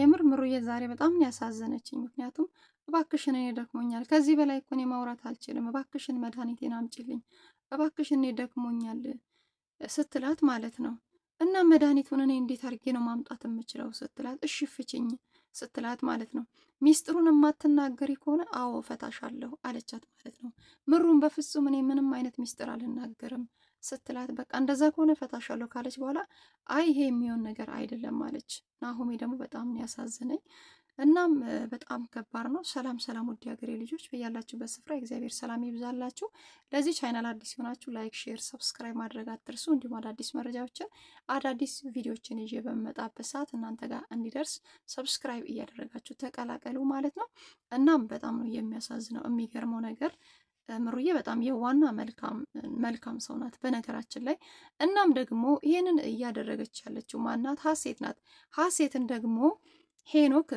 የምርምሩ የዛሬ ዛሬ በጣም ያሳዘነችኝ። ምክንያቱም እባክሽን እኔ ደክሞኛል፣ ከዚህ በላይ እኮ እኔ ማውራት አልችልም፣ እባክሽን መድኃኒቴን አምጪልኝ፣ እባክሽን እኔ ደክሞኛል ስትላት ማለት ነው። እና መድኃኒቱን እኔ እንዴት አድርጌ ነው ማምጣት የምችለው ስትላት፣ እሺ ፍችኝ ስትላት ማለት ነው። ሚስጥሩን የማትናገሪ ከሆነ አዎ ፈታሻለሁ አለቻት ማለት ነው። ምሩን በፍጹም እኔ ምንም አይነት ሚስጥር አልናገርም ስትላት በቃ እንደዛ ከሆነ ፈታሻለሁ ካለች በኋላ አይ ይሄ የሚሆን ነገር አይደለም አለች። ናሆሜ ደግሞ በጣም ነው እናም በጣም ከባድ ነው። ሰላም ሰላም፣ ውድ ሀገሬ ልጆች በያላችሁበት ስፍራ እግዚአብሔር ሰላም ይብዛላችሁ። ለዚህ ቻይናል አዲስ የሆናችሁ ላይክ፣ ሼር፣ ሰብስክራይብ ማድረግ አትርሱ። እንዲሁም አዳዲስ መረጃዎችን አዳዲስ ቪዲዮችን ይዤ በመጣበት ሰዓት እናንተ ጋር እንዲደርስ ሰብስክራይብ እያደረጋችሁ ተቀላቀሉ ማለት ነው። እናም በጣም ነው የሚያሳዝነው የሚገርመው ነገር ምሩዬ በጣም የዋና መልካም ሰው ናት በነገራችን ላይ። እናም ደግሞ ይህንን እያደረገች ያለችው ማናት? ሀሴት ናት። ሀሴትን ደግሞ ሄኖክ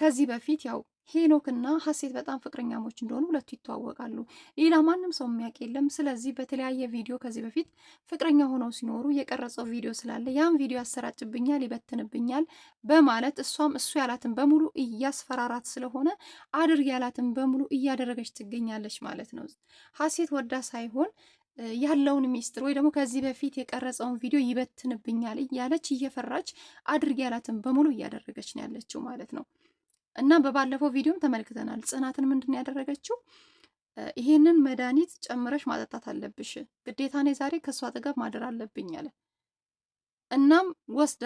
ከዚህ በፊት ያው ሄኖክና ሀሴት በጣም ፍቅረኛሞች እንደሆኑ ሁለቱ ይተዋወቃሉ። ሌላ ማንም ሰው የሚያውቅ የለም። ስለዚህ በተለያየ ቪዲዮ ከዚህ በፊት ፍቅረኛ ሆነው ሲኖሩ የቀረጸው ቪዲዮ ስላለ ያን ቪዲዮ ያሰራጭብኛል፣ ይበትንብኛል በማለት እሷም እሱ ያላትን በሙሉ እያስፈራራት ስለሆነ አድርግ ያላትን በሙሉ እያደረገች ትገኛለች ማለት ነው። ሀሴት ወዳ ሳይሆን ያለውን ሚስጥር ወይ ደግሞ ከዚህ በፊት የቀረጸውን ቪዲዮ ይበትንብኛል እያለች እየፈራች አድርግ ያላትን በሙሉ እያደረገች ነው ያለችው ማለት ነው። እና በባለፈው ቪዲዮም ተመልክተናል። ጽናትን ምንድን ያደረገችው ይሄንን መድኃኒት ጨምረሽ ማጠጣት አለብሽ፣ ግዴታ እኔ ዛሬ ከእሷ አጠገብ ማደር አለብኝ አለ። እናም ወስዳ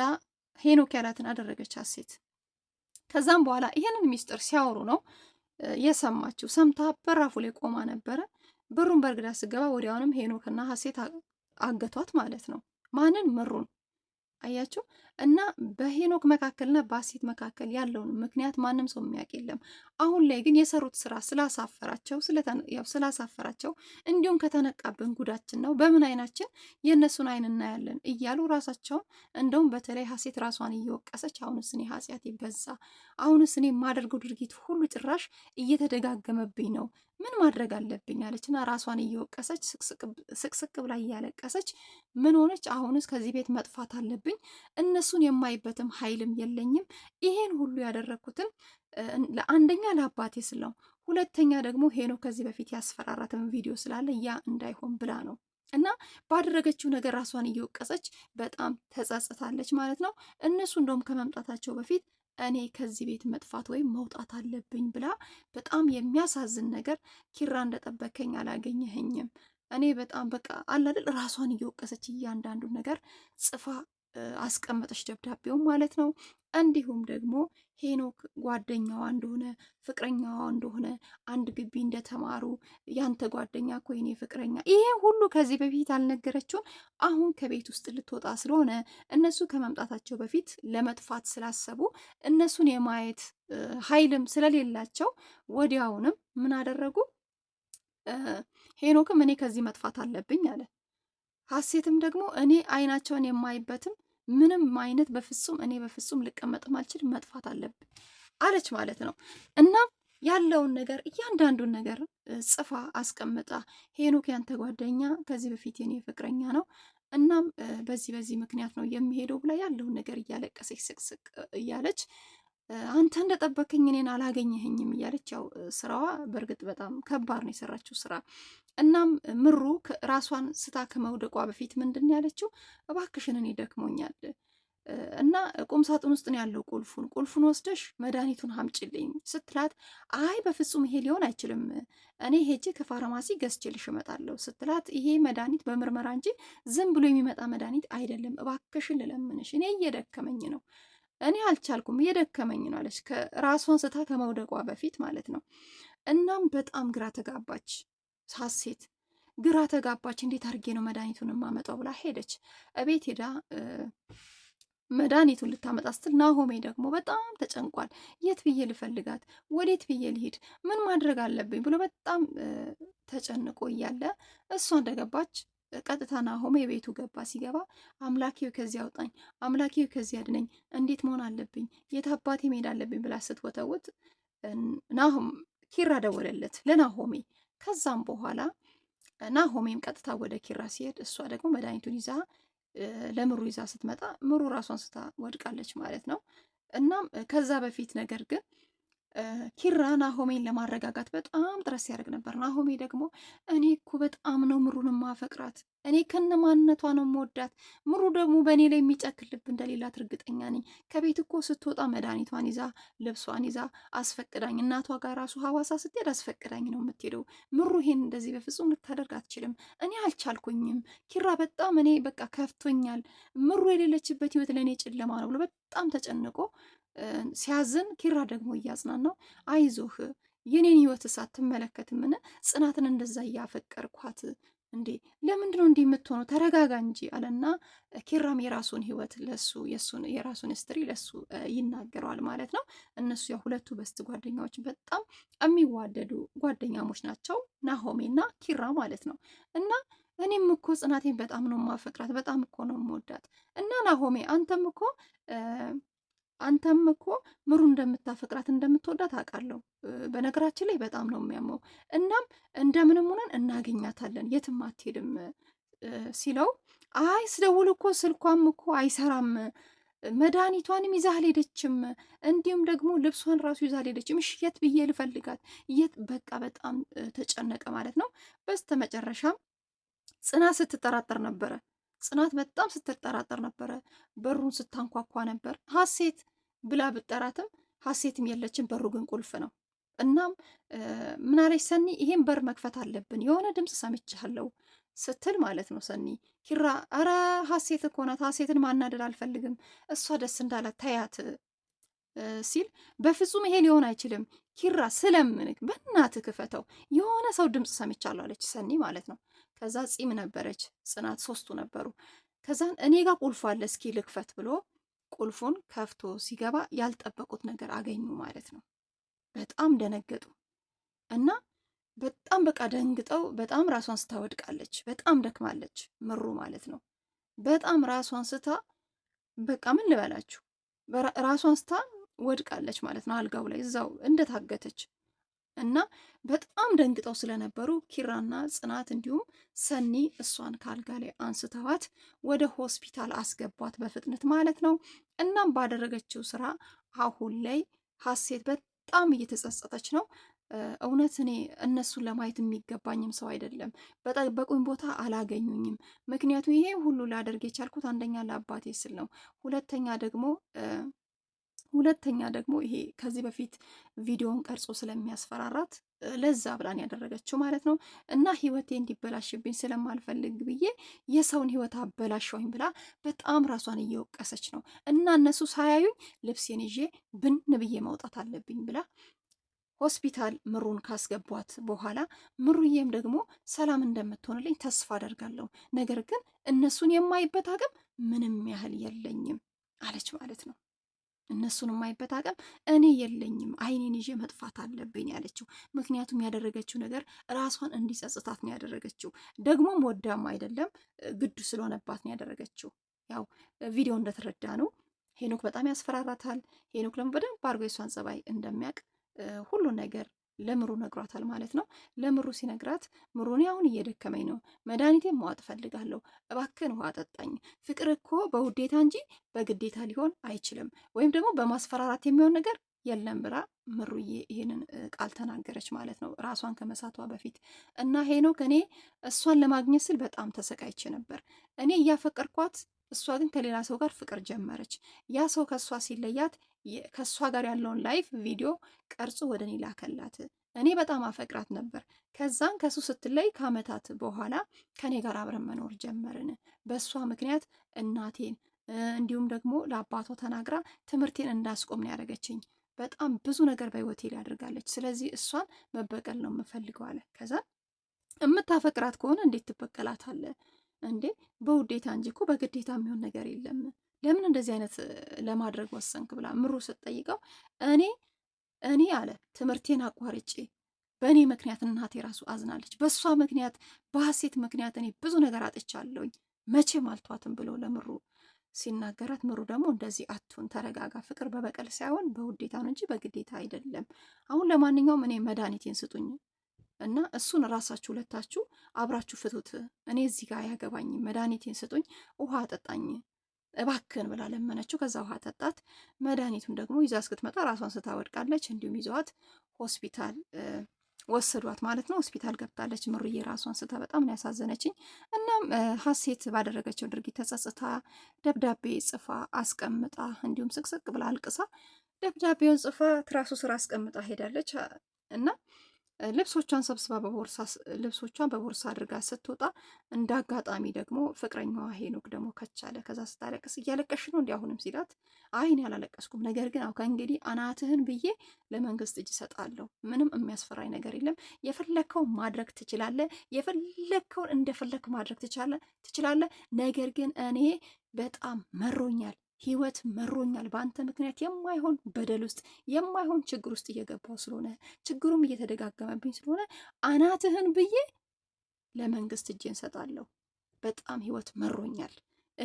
ሄኖክ ያላትን አደረገች ሀሴት። ከዛም በኋላ ይሄንን ሚስጥር ሲያወሩ ነው የሰማችው። ሰምታ በራፉ ላይ ቆማ ነበረ። በሩን በርግዳ ስገባ ወዲያውንም ሄኖክና ሀሴት አገቷት ማለት ነው። ማንን? ምሩን። አያችሁ እና በሄኖክ መካከልና በአሴት መካከል ያለውን ምክንያት ማንም ሰው የሚያውቅ የለም። አሁን ላይ ግን የሰሩት ስራ ስላሳፈራቸው ስላሳፈራቸው እንዲሁም ከተነቃብን ጉዳችን ነው፣ በምን አይናችን የእነሱን አይን እናያለን እያሉ ራሳቸውን እንደውም በተለይ ሀሴት ራሷን እየወቀሰች አሁንስ እኔ ኃጢአት ይበዛ፣ አሁንስ እኔ የማደርገው ድርጊት ሁሉ ጭራሽ እየተደጋገመብኝ ነው ምን ማድረግ አለብኝ አለችና ራሷን እየወቀሰች ስቅስቅ ብላ እያለቀሰች ምን ሆነች? አሁንስ ከዚህ ቤት መጥፋት አለብኝ እነሱ እነሱን የማይበትም ኃይልም የለኝም። ይሄን ሁሉ ያደረግኩትን ለአንደኛ ለአባቴ ስለው፣ ሁለተኛ ደግሞ ሄኖ ከዚህ በፊት ያስፈራራትም ቪዲዮ ስላለ ያ እንዳይሆን ብላ ነው እና ባደረገችው ነገር ራሷን እየወቀሰች በጣም ተጸጽታለች ማለት ነው። እነሱ እንደውም ከመምጣታቸው በፊት እኔ ከዚህ ቤት መጥፋት ወይም መውጣት አለብኝ ብላ በጣም የሚያሳዝን ነገር ኪራ እንደጠበከኝ አላገኘህኝም እኔ በጣም በቃ አላደል ራሷን እየወቀሰች እያንዳንዱ ነገር ጽፋ አስቀመጠች ደብዳቤው ማለት ነው። እንዲሁም ደግሞ ሄኖክ ጓደኛዋ እንደሆነ ፍቅረኛዋ እንደሆነ አንድ ግቢ እንደተማሩ ያንተ ጓደኛ እኮ የኔ ፍቅረኛ፣ ይሄ ሁሉ ከዚህ በፊት አልነገረችውም። አሁን ከቤት ውስጥ ልትወጣ ስለሆነ እነሱ ከመምጣታቸው በፊት ለመጥፋት ስላሰቡ እነሱን የማየት ኃይልም ስለሌላቸው ወዲያውንም ምን አደረጉ? ሄኖክም እኔ ከዚህ መጥፋት አለብኝ አለ። ሀሴትም ደግሞ እኔ አይናቸውን የማይበትም ምንም አይነት በፍጹም እኔ በፍጹም ልቀመጥም አልችልም፣ መጥፋት አለብኝ አለች ማለት ነው። እናም ያለውን ነገር እያንዳንዱን ነገር ጽፋ አስቀምጣ፣ ሄኖክ ያንተ ጓደኛ ከዚህ በፊት የኔ ፍቅረኛ ነው እናም በዚህ በዚህ ምክንያት ነው የሚሄደው ብላ ያለውን ነገር እያለቀሰች ስቅስቅ እያለች አንተ እንደጠበከኝ እኔን አላገኘህኝም እያለች ያው ስራዋ በእርግጥ በጣም ከባድ ነው የሰራችው ስራ። እናም ምሩ ራሷን ስታ ከመውደቋ በፊት ምንድን ያለችው እባክሽን እኔ ደክሞኛል እና ቁም ሳጥን ውስጥ ነው ያለው ቁልፉን ቁልፉን ወስደሽ መድኃኒቱን ሀምጭልኝ ስትላት አይ በፍጹም ይሄ ሊሆን አይችልም፣ እኔ ሄጄ ከፋርማሲ ገዝቼልሽ እመጣለሁ ስትላት ይሄ መድኃኒት በምርመራ እንጂ ዝም ብሎ የሚመጣ መድኃኒት አይደለም፣ እባክሽን ልለምንሽ እኔ እየደከመኝ ነው እኔ አልቻልኩም እየደከመኝ ነው አለች፣ ራሷን ስታ ከመውደቋ በፊት ማለት ነው። እናም በጣም ግራ ተጋባች ሳሴት ግራ ተጋባች። እንዴት አድርጌ ነው መድኃኒቱን የማመጣው ብላ ሄደች። እቤት ሄዳ መድኃኒቱን ልታመጣ ስትል ናሆሜ ደግሞ በጣም ተጨንቋል። የት ብዬ ልፈልጋት፣ ወዴት ብዬ ልሂድ፣ ምን ማድረግ አለብኝ ብሎ በጣም ተጨንቆ እያለ እሷ እንደገባች ቀጥታ ናሆሜ ቤቱ ገባ። ሲገባ አምላኬው ከዚህ አውጣኝ፣ አምላኬው ከዚህ አድነኝ፣ እንዴት መሆን አለብኝ፣ የት አባቴ መሄድ አለብኝ ብላ ስትወተውት ናሆም ኪራ ደወለለት ለናሆሜ። ከዛም በኋላ ናሆሜም ቀጥታ ወደ ኪራ ሲሄድ እሷ ደግሞ መድኃኒቱን ይዛ ለምሩ ይዛ ስትመጣ ምሩ ራሷን ስታ ወድቃለች ማለት ነው። እናም ከዛ በፊት ነገር ግን ኪራ ናሆሜን ለማረጋጋት በጣም ጥረት ሲያደርግ ነበር። ናሆሜ ደግሞ እኔ እኮ በጣም ነው ምሩን ማፈቅራት፣ እኔ ከነ ማንነቷ ነው የምወዳት። ምሩ ደግሞ በእኔ ላይ የሚጨክል ልብ እንደሌላት እርግጠኛ ነኝ። ከቤት እኮ ስትወጣ መድኃኒቷን ይዛ ልብሷን ይዛ አስፈቅዳኝ፣ እናቷ ጋር ራሱ ሀዋሳ ስትሄድ አስፈቅዳኝ ነው የምትሄደው። ምሩ ይሄን እንደዚህ በፍጹም ልታደርግ አትችልም። እኔ አልቻልኩኝም ኪራ፣ በጣም እኔ በቃ ከፍቶኛል። ምሩ የሌለችበት ህይወት ለእኔ ጨለማ ነው ብሎ በጣም ተጨንቆ ሲያዝን ኪራ ደግሞ እያጽናናው አይዞህ የኔን ህይወትስ አትመለከትምን? ጽናትን እንደዛ እያፈቀርኳት እንዴ ለምንድን ነው እንዲህ የምትሆነው? ተረጋጋ እንጂ አለና ኪራም የራሱን ህይወት ለሱ የራሱን ስትሪ ለሱ ይናገረዋል ማለት ነው። እነሱ ያው ሁለቱ በስት ጓደኛዎች በጣም የሚዋደዱ ጓደኛሞች ናቸው፣ ናሆሜና ኪራ ማለት ነው። እና እኔም እኮ ጽናቴን በጣም ነው ማፈቅራት፣ በጣም እኮ ነው የምወዳት እና ናሆሜ አንተም እኮ አንተም እኮ ምሩ እንደምታፈቅራት እንደምትወዳት አውቃለሁ። በነገራችን ላይ በጣም ነው የሚያመው። እናም እንደምንም ሆነን እናገኛታለን፣ የትም አትሄድም ሲለው አይ ስደውል እኮ ስልኳም እኮ አይሰራም፣ መድኃኒቷንም ይዛ አልሄደችም፣ እንዲሁም ደግሞ ልብሷን ራሱ ይዛ አልሄደችም። እሺ የት ብዬ ልፈልጋት? የት በቃ በጣም ተጨነቀ ማለት ነው። በስተመጨረሻም ጽና ስትጠራጠር ነበረ ጽናት በጣም ስትጠራጠር ነበረ። በሩን ስታንኳኳ ነበር። ሀሴት ብላ ብጠራትም ሀሴትም የለችም። በሩ ግን ቁልፍ ነው። እናም ምናለች ሰኒ፣ ይሄን በር መክፈት አለብን፣ የሆነ ድምፅ ሰምቻለሁ ስትል ማለት ነው። ሰኒ ኪራ፣ ኧረ ሀሴት እኮ ናት፣ ሀሴትን ማናደድ አልፈልግም፣ እሷ ደስ እንዳላት ተያት ሲል በፍጹም ይሄ ሊሆን አይችልም ኪራ፣ ስለምንክ በእናትህ ክፈተው፣ የሆነ ሰው ድምፅ ሰምቻለሁ አለች ሰኒ ማለት ነው። ከዛ ፂም ነበረች ጽናት፣ ሶስቱ ነበሩ። ከዛን እኔ ጋር ቁልፍ አለ እስኪ ልክፈት ብሎ ቁልፉን ከፍቶ ሲገባ ያልጠበቁት ነገር አገኙ ማለት ነው። በጣም ደነገጡ እና በጣም በቃ ደንግጠው በጣም ራሷን ስታ ወድቃለች። በጣም ደክማለች ምሩ ማለት ነው። በጣም ራሷን ስታ በቃ ምን ልበላችሁ ራሷን ስታ ወድቃለች ማለት ነው። አልጋው ላይ እዛው እንደታገተች እና በጣም ደንግጠው ስለነበሩ ኪራና ጽናት እንዲሁም ሰኒ እሷን ካልጋ ላይ አንስተዋት ወደ ሆስፒታል አስገቧት በፍጥነት ማለት ነው። እናም ባደረገችው ስራ አሁን ላይ ሀሴት በጣም እየተጸጸተች ነው። እውነት እኔ እነሱን ለማየት የሚገባኝም ሰው አይደለም። በጠበቁኝ ቦታ አላገኙኝም። ምክንያቱም ይሄ ሁሉ ላደርግ የቻልኩት አንደኛ ለአባቴ ስል ነው፣ ሁለተኛ ደግሞ ሁለተኛ ደግሞ ይሄ ከዚህ በፊት ቪዲዮውን ቀርጾ ስለሚያስፈራራት ለዛ ብላን ያደረገችው ማለት ነው። እና ህይወቴ እንዲበላሽብኝ ስለማልፈልግ ብዬ የሰውን ህይወት አበላሸውኝ ብላ በጣም ራሷን እየወቀሰች ነው። እና እነሱ ሳያዩኝ ልብሴን ይዤ ብን ብዬ መውጣት አለብኝ ብላ ሆስፒታል ምሩን ካስገቧት በኋላ ምሩዬም ደግሞ ሰላም እንደምትሆንልኝ ተስፋ አደርጋለሁ፣ ነገር ግን እነሱን የማይበት አቅም ምንም ያህል የለኝም አለች ማለት ነው። እነሱን የማይበት አቅም እኔ የለኝም፣ አይኔን ይዤ መጥፋት አለብኝ ያለችው። ምክንያቱም ያደረገችው ነገር ራሷን እንዲጸጽታት ነው ያደረገችው። ደግሞም ወዳም አይደለም ግዱ ስለሆነባት ነው ያደረገችው። ያው ቪዲዮ እንደተረዳ ነው ሄኖክ በጣም ያስፈራራታል። ሄኖክ ደግሞ በደንብ አድርጎ የሷን ጸባይ እንደሚያውቅ ሁሉ ነገር ለምሩ ነግሯታል ማለት ነው። ለምሩ ሲነግራት ምሩ አሁን እየደከመኝ ነው፣ መድኃኒቴ መዋጥ ፈልጋለሁ እባክን ውሃ አጠጣኝ። ፍቅር እኮ በውዴታ እንጂ በግዴታ ሊሆን አይችልም፣ ወይም ደግሞ በማስፈራራት የሚሆን ነገር የለም ብላ ምሩዬ ይህንን ቃል ተናገረች ማለት ነው፣ ራሷን ከመሳቷ በፊት እና ሄኖክ እኔ እሷን ለማግኘት ስል በጣም ተሰቃይቼ ነበር። እኔ እያፈቀርኳት እሷ ግን ከሌላ ሰው ጋር ፍቅር ጀመረች። ያ ሰው ከእሷ ሲለያት ከእሷ ጋር ያለውን ላይፍ ቪዲዮ ቀርጾ ወደ እኔ ላከላት። እኔ በጣም አፈቅራት ነበር። ከዛን ከሱ ስትለይ ከአመታት በኋላ ከኔ ጋር አብረን መኖር ጀመርን። በእሷ ምክንያት እናቴን እንዲሁም ደግሞ ለአባቷ ተናግራ ትምህርቴን እንዳስቆም ነው ያደረገችኝ። በጣም ብዙ ነገር በህይወቴ ላይ አድርጋለች። ስለዚህ እሷን መበቀል ነው የምፈልገው አለ። ከዛ የምታፈቅራት ከሆነ እንዴት ትበቀላት እንዴ በውዴታ እንጂ እኮ በግዴታ የሚሆን ነገር የለም። ለምን እንደዚህ አይነት ለማድረግ ወሰንክ ብላ ምሩ ስትጠይቀው እኔ እኔ አለ ትምህርቴን አቋርጬ በእኔ ምክንያት እናቴ ራሱ አዝናለች። በእሷ ምክንያት በሐሴት ምክንያት እኔ ብዙ ነገር አጥቻለሁኝ መቼም አልቷትም ብሎ ለምሩ ሲናገራት፣ ምሩ ደግሞ እንደዚህ አቱን ተረጋጋ፣ ፍቅር በበቀል ሳይሆን በውዴታ ነው እንጂ በግዴታ አይደለም። አሁን ለማንኛውም እኔ መድኃኒቴን ስጡኝ እና እሱን ራሳችሁ ሁለታችሁ አብራችሁ ፍቱት። እኔ እዚህ ጋር ያገባኝ መድኃኒቴን ስጡኝ፣ ውሃ አጠጣኝ እባክን ብላ ለመነችው። ከዛ ውሃ ጠጣት። መድኃኒቱን ደግሞ ይዛ እስክትመጣ ራሷን ስታወድቃለች። እንዲሁም ይዘዋት ሆስፒታል ወሰዷት ማለት ነው። ሆስፒታል ገብታለች። ምሩዬ ራሷን ስታ በጣም ያሳዘነችኝ። እናም ሀሴት ባደረገችው ድርጊት ተጸጽታ ደብዳቤ ጽፋ አስቀምጣ እንዲሁም ስቅስቅ ብላ አልቅሳ ደብዳቤውን ጽፋ ትራሱ ስራ አስቀምጣ ሄዳለች እና ልብሶቿን ሰብስባ በቦርሳ ልብሶቿን በቦርሳ አድርጋ ስትወጣ እንደ አጋጣሚ ደግሞ ፍቅረኛዋ ሄኖክ ደግሞ ከቻለ ከዛ ስታለቅስ እያለቀሽ ነው እንዲ አሁንም ሲላት አይን ያላለቀስኩም፣ ነገር ግን አሁ ከእንግዲህ አናትህን ብዬ ለመንግስት እጅ እሰጣለሁ። ምንም የሚያስፈራኝ ነገር የለም። የፈለግከውን ማድረግ ትችላለህ። የፈለግከውን እንደፈለግ ማድረግ ትችላለህ። ነገር ግን እኔ በጣም መሮኛል ህይወት መሮኛል በአንተ ምክንያት የማይሆን በደል ውስጥ የማይሆን ችግር ውስጥ እየገባው ስለሆነ ችግሩም እየተደጋገመብኝ ስለሆነ አናትህን ብዬ ለመንግስት እጅ እንሰጣለሁ። በጣም ህይወት መሮኛል።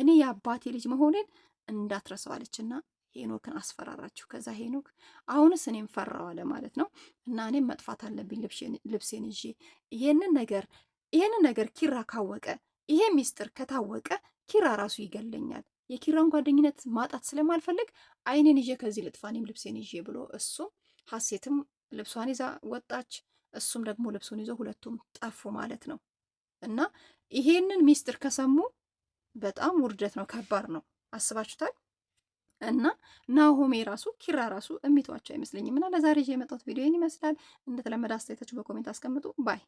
እኔ የአባቴ ልጅ መሆኔን እንዳትረሰዋለችና ሄኖክን አስፈራራችሁ። ከዛ ሄኖክ አሁንስ እኔም ፈራዋለ ማለት ነው እና እኔም መጥፋት አለብኝ ልብሴን ይዤ ይሄንን ነገር ይሄንን ነገር ኪራ ካወቀ ይሄ ሚስጥር ከታወቀ ኪራ ራሱ ይገለኛል የኪራን ጓደኝነት ማጣት ስለማልፈልግ አይኔን ይዤ ከዚህ ልጥፋ፣ እኔም ልብሴን ይዤ ብሎ እሱ ሀሴትም ልብሷን ይዛ ወጣች። እሱም ደግሞ ልብሱን ይዞ ሁለቱም ጠፉ ማለት ነው። እና ይሄንን ሚስጥር ከሰሙ በጣም ውርደት ነው፣ ከባድ ነው። አስባችሁታል? እና ናሆሜ ራሱ ኪራ ራሱ እሚተዋቸው አይመስለኝም። እና ለዛሬ ይዤ የመጣሁት ቪዲዮ ይመስላል። እንደተለመደ አስተያየታችሁ በኮሜንት አስቀምጡ። ባይ